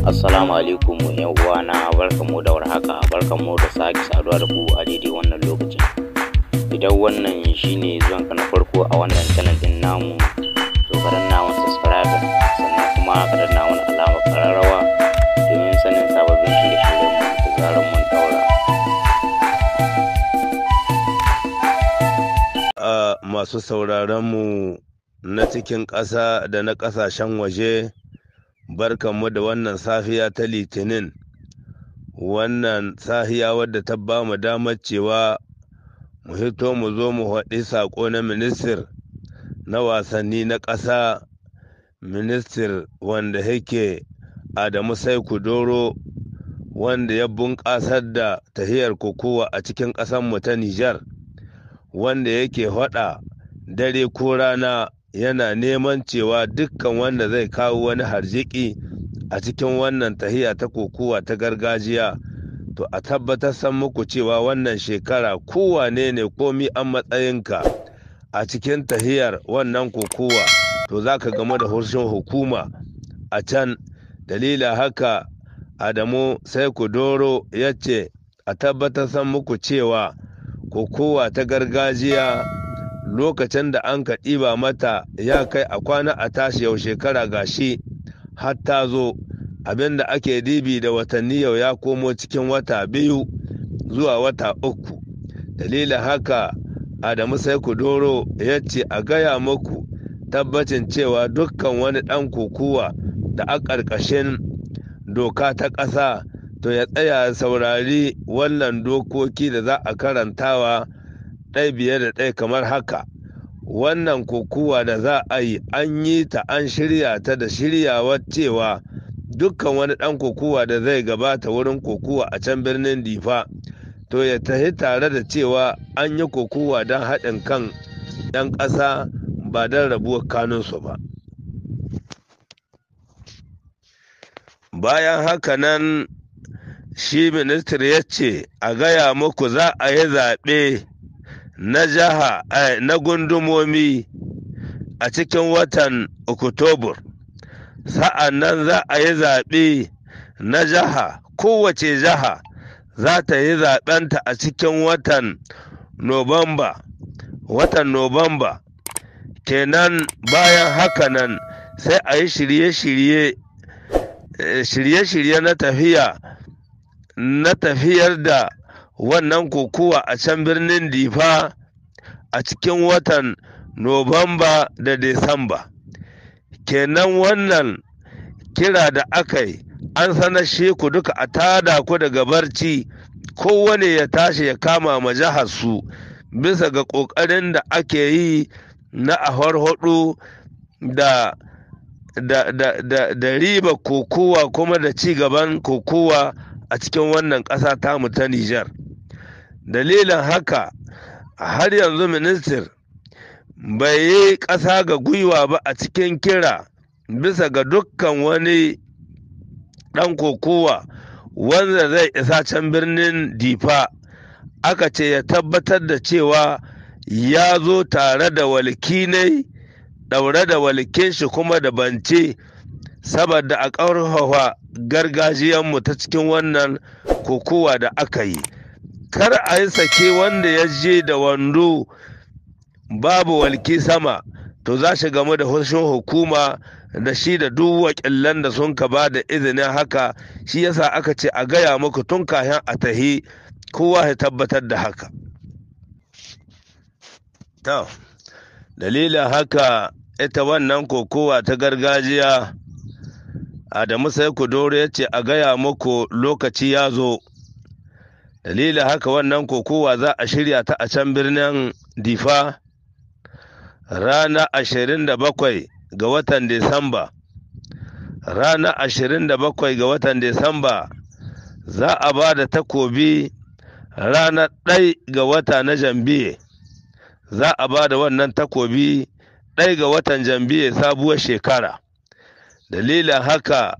Assalamu alaikum yan uwana barkanmu da warhaka barkanmu da sake saduwa da ku a daidai wannan lokacin. Idan wannan shine zuwan ka na farko a wannan channel din namu to karan na wani subscribe sannan kuma karan na wani alama kararrawa domin sanin sababbin shirye-shiryen mu da zarar mun daura. Ah, masu sauraron mu na cikin ƙasa da na ƙasashen waje barkanmu da wannan safiya ta litinin wannan safiya wadda ta ba mu damar cewa mu hito mu zo mu haɗi saƙo na ministir na wasanni na ƙasa ministir wanda yake adamu sai kudoro wanda ya bunƙasar da tahiyar kokowa a cikin ƙasar mu ta nijar wanda yake haɗa dare ko rana yana neman cewa dukkan wanda zai kawo wani harjiki a cikin wannan tahiya ta kokowa ta gargajiya to a tabbatar san muku cewa wannan shekara kowane ne komi an matsayinka a cikin tahiyar wannan kokowa to za ka gamu da harshen hukuma a can dalila haka adamu sai ku doro ya ce a tabbatar san muku cewa kokowa ta gargajiya lokacin da an ka ɗiba mata ya kai a kwana a tashi yau shekara gashi har ta zo abin da ake dibi da watanni yau ya komo cikin wata biyu zuwa wata uku dalilin haka adamu sai ku doro ya ce a gaya muku tabbacin cewa dukkan wani ɗan kokowa da a ƙarƙashin doka ta ƙasa to ya tsaya saurari wannan dokoki da za a karantawa ɗaya biye da ɗaya kamar haka wannan kokuwa da za a yi an yi ta an shirya ta da shiryawa cewa dukkan wani ɗan kokuwa da zai gabata wurin kokuwa a can birnin difa to ya tahi tare da cewa an yi kokuwa don haɗin kan ɗan ƙasa ba don rabuwar kanunsu ba bayan haka nan shi ministir ya ce a gaya muku za a yi zaɓe na jaha eh, na gundumomi a cikin watan oktobar sa'an nan za a yi zaɓe na jaha kowace jaha za ta yi zaɓenta a cikin watan nobamba watan nobamba kenan bayan haka nan sai a yi shirye-shirye eh, shirye-shirye na tafiya na tafiyar da wannan kokowa a can birnin difa a cikin watan Nobamba da Disamba. Kenan wannan kira da aka yi an sanar sheku duka a tada ku daga barci kowane ya tashi ya kama ma jihar su bisa ga ƙoƙarin da ake yi na a harhaɗu da da, da, da, da riba kokowa kuma da ci gaban kokowa a cikin wannan ƙasa tamu ta Nijar. dalilin haka har yanzu ministir bai yi ƙasa ga gwiwa ba a cikin kira bisa ga dukkan wani ɗan kokowa wanda zai isa can birnin difa aka ce ya tabbatar da cewa ya zo tare da walkinai ɗaure da walkin shi kuma da bance saboda a ƙarfafa gargajiyanmu ta cikin wannan kokowa da aka yi kar a yi sake wanda ya je da wando babu walki sama to za shi gamu da hushin hukuma da shi da duk wakilan da sun ka ba da izinin haka shi yasa aka ce a gaya muku tun kayan a tahi kowa ya tabbatar da haka dalilin haka ita wannan kokowa ta gargajiya adamu sai ku dore ya ce a gaya muku lokaci ya zo Dalilin haka wannan kokowa za a shirya ta a can birnin difa rana 27 ga watan disamba rana 27 ga watan disamba za a ba da takobi ranar ɗai ga wata na jambiye za a ba da wannan takobi ɗai ga watan jambiye sabuwar shekara dalilin haka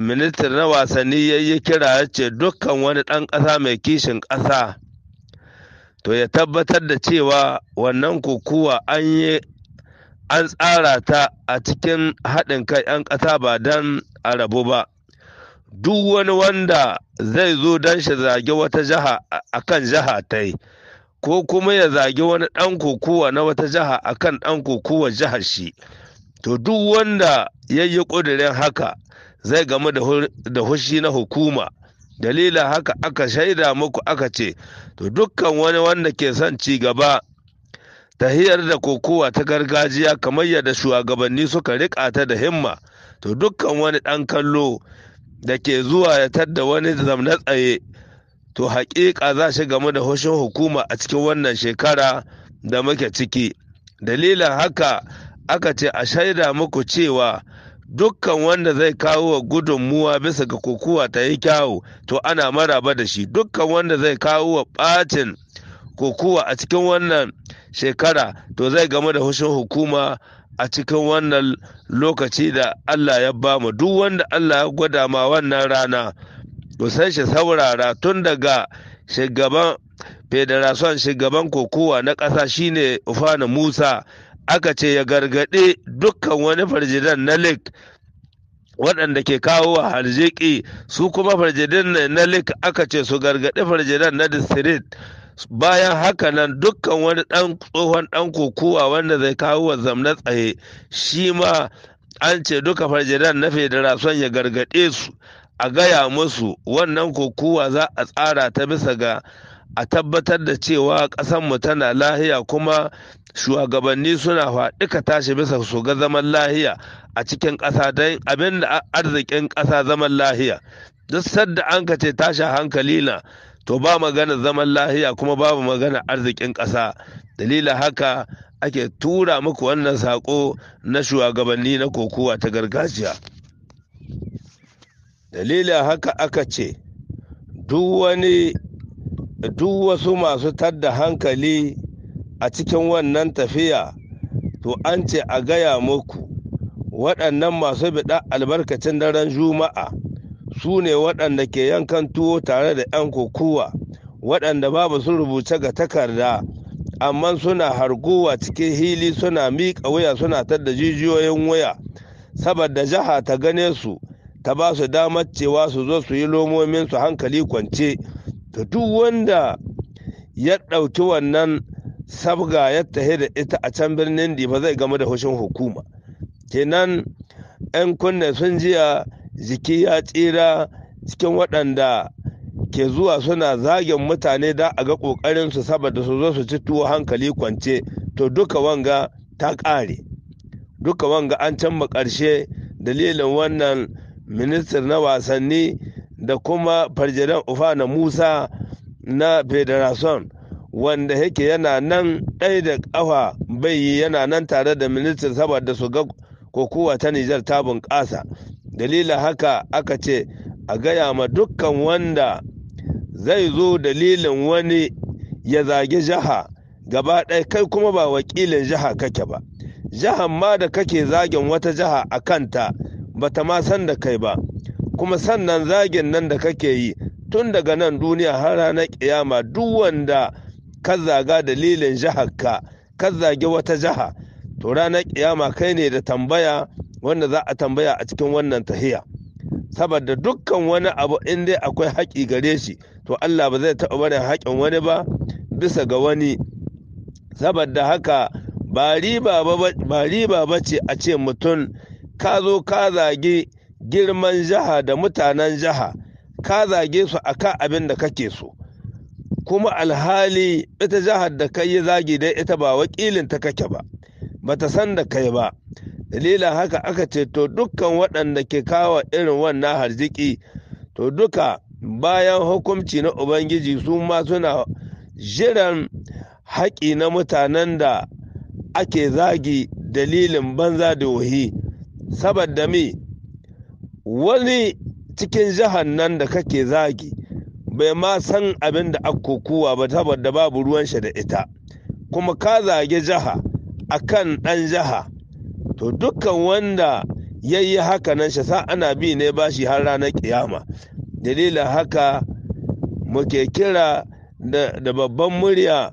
ministan na wasanni ya yi kira ya ce dukkan wani ɗan ƙasa mai kishin ƙasa to ya tabbatar da cewa wannan kukuwa an yi an tsara ta a cikin haɗin kai 'yan ƙasa ba don a rabu ba duk wani wanda zai zo don shi zage wata jiha a kan jiha ta yi ko kuma ya zage wani ɗan kukuwa na wata jiha a kan ɗan kukuwa jihar shi to duk wanda ya yi ƙudurin haka zai gamu da hushi na hukuma dalila haka aka shaida muku aka ce to dukkan wani wanda ke son ci gaba ta hiyar da kokowa ta gargajiya kamar yadda shugabanni suka rika ta da himma to dukkan wani ɗan kallo da ke zuwa ya tadda wani zamna tsaye to haƙiƙa za shi game da hushin hukuma a cikin wannan shekara da muke ciki dalilin haka aka ce a shaida muku cewa dukkan wanda zai kawo wa gudunmuwa bisa ga kokuwa ta yi kyawu to ana maraba da shi dukkan wanda zai kawo wa ɓacin kokuwa a cikin wannan shekara to zai game da hushin hukuma a cikin wannan lokaci da Allah ya ba mu duk wanda Allah ya gwada ma wannan rana to sai shi saurara tun daga shugaban federation shugaban kokowa na ƙasa shine Ufana Musa aka ce ya gargaɗe dukkan wani farjidan na lik waɗanda ke kawo wa harziki su kuma farjidan na lik aka ce su gargaɗe farjidan na district bayan haka nan dukkan wani ɗan tsohon ɗan kokowa wanda zai kawo wa zamna tsaye shi ma an ce duka farjidan na son ya gargaɗe su a gaya musu wannan kokowa za a tsara ta bisa ga a tabbatar da cewa ƙasanmu tana lahiya kuma shugabanni suna faɗika tashi bisa su ga zaman lahiya a cikin ƙasa don abin da arzikin ƙasa zaman lahiya duk sadda an ka ce tashin hankali na to ba magana zaman lahiya kuma babu magana arzikin ƙasa dalila haka ake tura muku wannan saƙo na shugabanni na kokowa ta gargajiya dalila haka aka ce duk wani duk wasu masu tadda hankali a cikin wannan tafiya to an ce a gaya muku waɗannan masu biɗa albarkacin daren juma'a su ne waɗanda ke yankan tuwo tare da 'yan kokuwa waɗanda babu sun rubuce ga takarda amma suna harguwa cikin hili suna miƙa wuya suna tadda jijiyoyin wuya saboda jiha ta gane su ta ba su damar cewa su zo su yi lomomin su hankali kwance ta duk wanda ya ɗauki wannan sabga ya tahi da ita a can birnin da ba zai gama da hushin hukuma kenan 'yan kunne sun jiya jiki ya tsira cikin waɗanda ke zuwa suna zagin mutane da a ga ƙoƙarin su saboda su zo su ci tuwo hankali kwance to duka wanga ta ƙare duka wanga an canma ƙarshe dalilin wannan ministan na wasanni da kuma farjiran ufana musa na federation wanda yake yana nan ɗaya da ƙafa bai yi yana nan tare da ministan saboda su ga kokowa ta Nijar ta bunƙasa. Dalilin haka aka ce a gaya ma dukkan wanda zai zo dalilin wani ya zage jiha gaba ɗaya kai kuma ba wakilin jiha kake ba. Jihar ma da kake zagin wata jiha a kanta ba ta ma san da kai ba. Kuma sannan zagin nan da kake yi tun daga nan duniya har ranar kiyama duk wanda ka zaga dalilin ka ka zage wata jiha to ranar kiyama kai ne da tambaya wanda za a tambaya a cikin wannan tahiya saboda dukkan wani abu in dai akwai haƙi gare shi to Allah ba zai taɓa barin haƙin wani ba bisa ga wani saboda haka ba riba ba ce a ce mutum ka zo ka zage girman jiha da mutanen jiha ka zage su a abin da kake so kuma alhali ita jihar da kai ya zagi dai ita ba wakilin ta kake ba ba ta san da kai ba dalilin haka aka ce to dukkan waɗanda ke kawo irin wannan harziki to duka bayan hukunci na ubangiji su ma suna jiran haƙi na mutanen da ake zagi dalilin banza da wahi saboda me wani cikin jihar nan da kake zagi bai ma san abin da kokowa ba saboda babu ruwan shi da ita kuma ka zage jaha akan ɗan jaha to dukkan wanda ya yi haka nan shi sa ana bi ne bashi har ranar kiyama dalilin haka muke kira da babban murya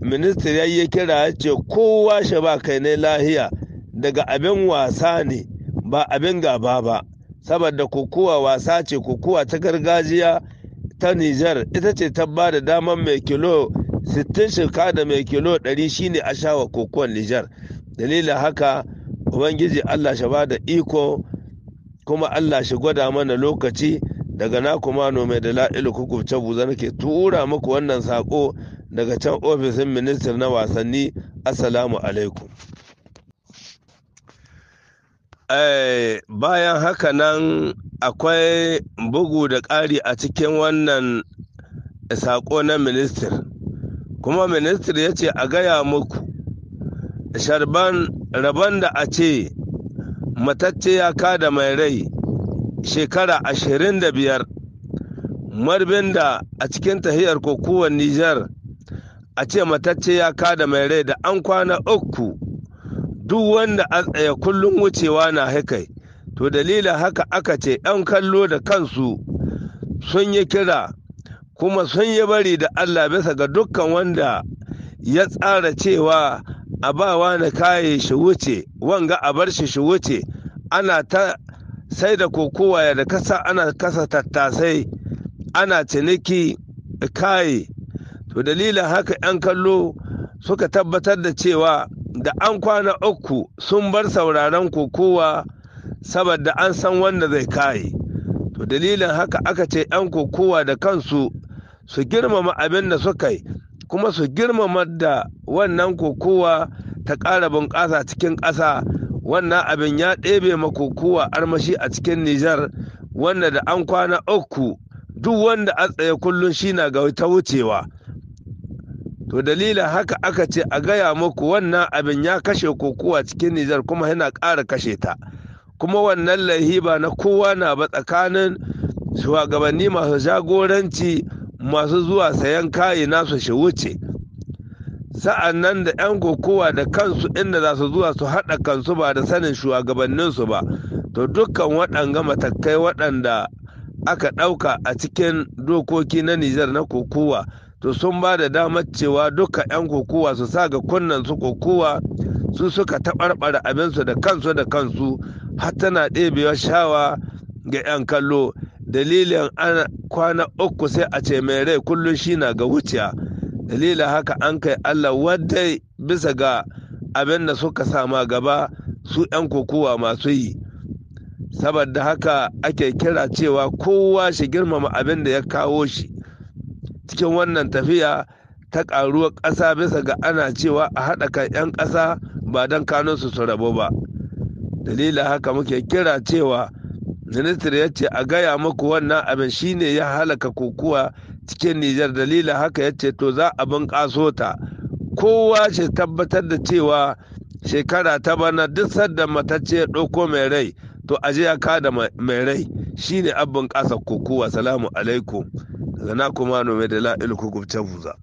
ministir ya kira ya ce kowa shi ba kai ne lahiya daga abin wasa ne ba abin gaba ba saboda kokowa wasa ce kokowa ta gargajiya ta Nijar ita ce ta ba da damar mai kilo 60 shirka da mai kilo 100 shine a shawa kokowar Nijar. Dalilin haka Ubangiji Allah shi ba da iko kuma Allah shi gwada mana lokaci daga na kuma nome da la'ilu kukubce buza nake tura muku wannan sako daga can ofishin ministir na wasanni assalamu alaikum eh, bayan haka nan akwai bugu da ƙari a cikin wannan saƙo na ministir kuma ministir ya ce a gaya muku sharban rabon da a ce matacce ya kada mai rai shekara ashirin da biyar marbin da a cikin tahiyar kokowar nijar a ce matacce ya kada mai rai da an kwana uku duk wanda a tsaye kullum wucewa na haikai to dalila haka aka ce 'yan kallo da kansu sun yi kira kuma sun yi bari da allah bisa ga dukkan wanda ya tsara cewa a ba wani kaye shi wuce wanga a bar shi shi wuce ana ta sai da kokowa ya da kasa ana kasa tattasai ana ciniki kaye to dalilin haka 'yan kallo suka tabbatar da cewa da an kwana uku sun bar sauraron kokowa saboda an san wanda zai kaye to dalilin haka aka ce 'yan kokowa da kansu su girmama abin da suka yi kuma su girmama da wannan kokowa ta ƙara bunƙasa cikin ƙasa wannan abin ya ɗebe ma kokowa armashi a cikin nijar wanda da an kwana uku duk wanda a tsaye kullum shi na ga ta wucewa to dalilin haka aka ce a gaya muku wannan abin ya kashe kokowa cikin nijar kuma yana ƙara kashe ta kuma wannan lahiba ba na kowa na ba tsakanin shugabanni masu jagoranci masu zuwa sayan kayi nasu shi wuce sa'an nan da 'yan kokowa da kansu inda za su zuwa su haɗa kansu ba da sanin shugabanninsu ba to dukkan waɗanga matakai waɗanda aka ɗauka a cikin dokoki na nijar na kokowa to sun ba da damar cewa duka 'yan kokowa su sa ga kunnen su kokowa su suka taɓarɓara abinsu da kansu da kansu har tana ɗebewa shawa ga 'yan kallo dalilin an kwana uku sai a ce mai rai kullum shi na ga wuciya dalilin haka an kai allah wadda bisa ga abin da suka sama gaba su 'yan kokowa masu yi saboda haka ake kira cewa kowa shi girmama abin da ya kawo shi cikin wannan tafiya ta ƙaruwar ƙasa bisa ga ana cewa a haɗa kan 'yan ƙasa ba don kanunsu su rabu ba dalila haka muke kira cewa ministry ya ce a gaya maku wannan abin shine ya halaka kokuwa cikin nijar dalila haka ya ce to za a bunƙaso ta kowa shi tabbatar da cewa shekara ta bana duk sadda matacce ya ɗauko mai rai to aje ya kada mai rai shine abin ƙasa kokuwa salamu alaikum zana kuma nome da la'il kugubce buza